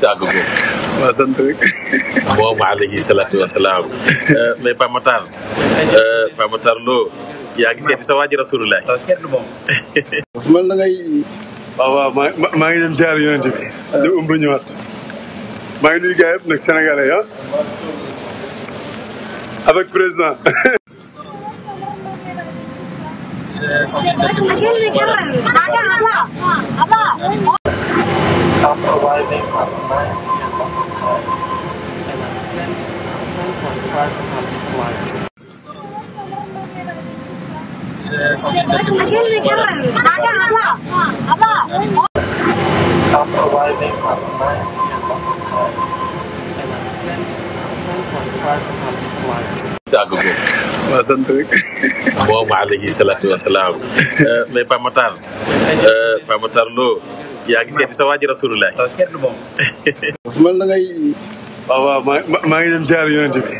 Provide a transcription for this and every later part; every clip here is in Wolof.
tàggagoo. waaw sant rek. moom alayhi salaatu wa salaam. Euh, mais Pape Matar. Euh, Pape Matar Lo. yaa ngi seeti sa waa ji rasulullah. man la ngay. waaw waaw maa maa ngi dem ziar yonent bi. dem umra ñëwaat. maa ngi nuyu gars yëpp nag sénégalais ah. avec président. arriving at 9 p.m. local time and at 10, 10.45 public flight. After arriving at 9 p.m. local time and at 10, 10.45 public flight. waaw sant rek. boobu alayhi salaatu wa salaam. Euh, mais Pape Matar. Euh, Pape Matar Lo. yaa ngi seeti sa waaji man da ngay. waaw maa ngi dem ziar yonent bi.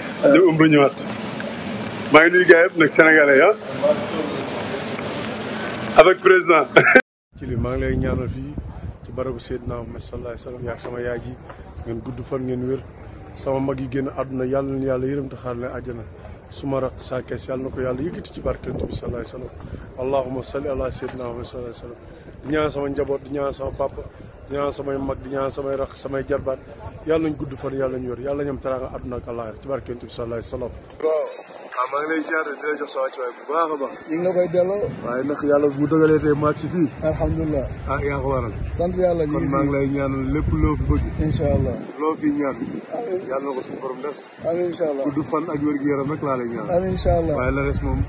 ñëwaat. maa ngi nuyu gars yëpp nag sénégalais ah. ci li maa ngi lay ñaanal fii ci barabu Seydina Muhammad sallallahu alayhi wa sallam yaak sama yaay ji ngeen gudd fan ngeen wér sama mag yi génn àdduna yàlla na yàlla yërëm te xaar leen àjjana suma raq saa kees yàlla na ko yàlla yëkkati ci barkante bi sallallahu alayhi wa sallam allahumma salli ala Seydina Muhammad sallallahu alayhi wa sallam di ñaan sama njaboot di ñaan sama papa di ñaan samay mag di ñaan samay rax samay jarbaat yàlla nañ gudd fan yàlla nañ wér yàlla nañ am teraanga àdduna ak àllaaxira ci barke Yonent bi sallallahu alayhi wasallam. waaw. waaw ah, maa ngi lay a waaye nag yàlla bu dogalee tey maag si fii. alhamdulilah. ah yaa ko waral. sant yàlla ñu ngi maa ngi lay ñaanal lépp loo fi bëgg. incha allah loo fi ñaan. yàlla na ko suñu borom def. amiin incha allah gudd fan ak waaye la res moom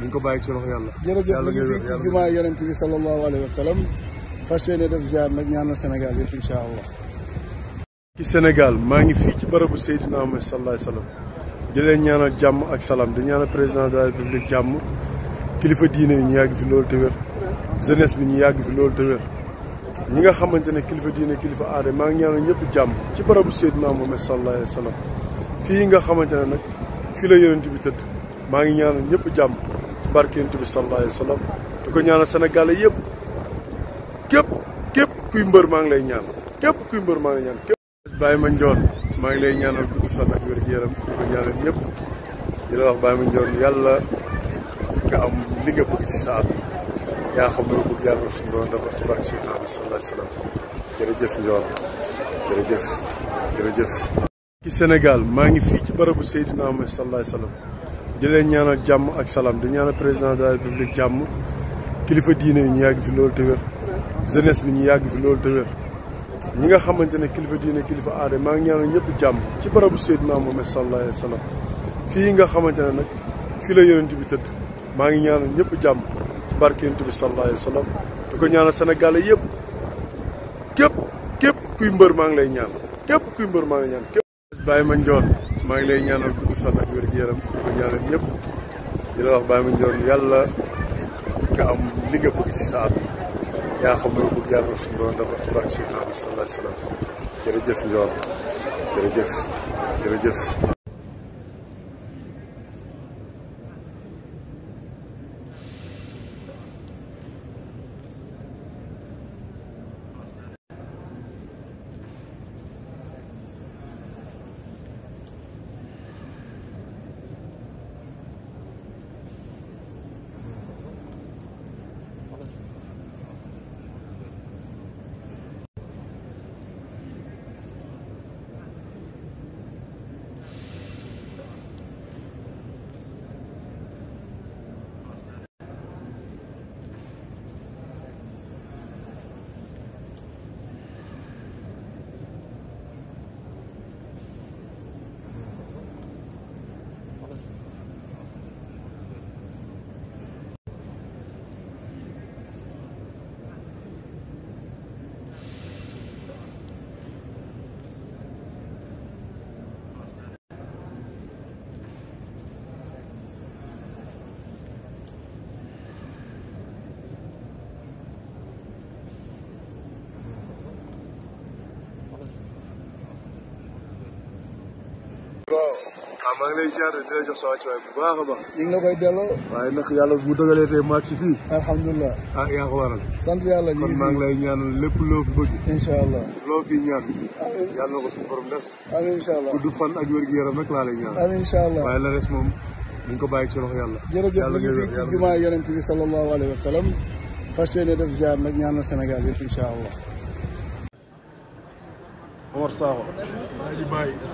ñu ko bàyyi ci loxo yàlla. yàlla ngay wér jërëjëf jumaa yonent bi sallallahu alayhi nag ñaanal Sénégal yëpp incha ci Sénégal maa ngi fii ci barabu Seydina Muhammad sallallahu alayhi wa sallam jàmm ak salaam di ñaanal président de la république jàmm kilifa diine yi ñu yàgg fi loolu te wér bi ñu yàgg fi ñi nga xamante ne kilifa diine kilifa aada maa ngi ñaanal ñëpp jàmm ci barabu Seydina Muhammad sallallahu alayhi wa sallam fii nga xamante ne nag fii la yonent bi tëdd maa ngi ñaanal ñëpp jàmm. barke Yonent bi sallallahu alayhi wa ko ñaanal Sénégal yëpp képp képp kuy mbër maa ngi lay ñaan képp kuy mbër maa ngi lay ñaan képp Baye Mandione maa ngi lay yaram di ko ñaanal ñëpp di la wax Baye Mandione yàlla nga am li nga bëgg si sa yaa xam loo bëgg yàlla suñu doon dafa ci barke Seydina Muhammad sallallahu alayhi wa sallam jërëjëf Ndione jërëjëf jërëjëf ci Sénégal maa ngi fii ci barabu Seydina Muhammad sallallahu alayhi wa di leen ñaanal jàmm ak salaam di ñaanal président de la république jàmm kilifa diine yi ñu yàgg fi loolu te wér bi ñu yàgg fi loolu te wér ñi nga xamante ne kilifa diine kilifa aada maa ngi ñaanal jàmm ci barabu Seydina Muhammad sallallahu alayhi wa sallam nga xamante ne nag fii la yonent maa ngi ñaanal ñëpp jàmm ci barke bi sallallahu alayhi wa sallam di ko ñaanal Sénégalais yëpp képp képp kuy mbër maa ngi lay ñaan képp kuy mbër maa ngi lay képp bàyyi ma njoon maa ngi lay ñaanal kattan ak wér gu yaram di ko ñaanal ñëpp di la wax Baye yàlla nga am li nga bëgg ci yaa xam loo bëgg yàlla suñu doon dafa ci barke Seydina Muhammad sallallahu alayhi wa sallam jërëjëf Ndione jërëjëf jërëjëf waaw waaw ah, maa ngi baax a baax ñu waaye nag yàlla bu dogalee tey maag si fii alhamdulilah ah, yàlla kon maa ngi lay ñaanal lépp loo fi bëgg incha allah loo fi ñaan yàlla na ko suñu borom ak wér-gu-yaram rek la res moom ñu ko bàyyi ci loxo yàlla jërëjëf ñu ngi fi jumaa yonent bi sallallahu alayhi wa sallam fas yéene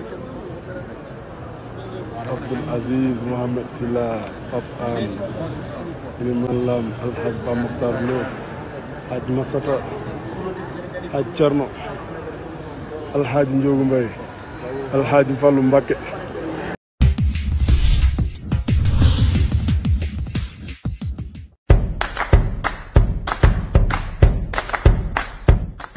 def Abdoul Aziz Mohamed Silla Pape An Iliman Lam Alhaj Ba Mokhtar Lo Haj Masata Haj Cerno Alhaj Njogu Mbay Alhaj Fallu Mbakke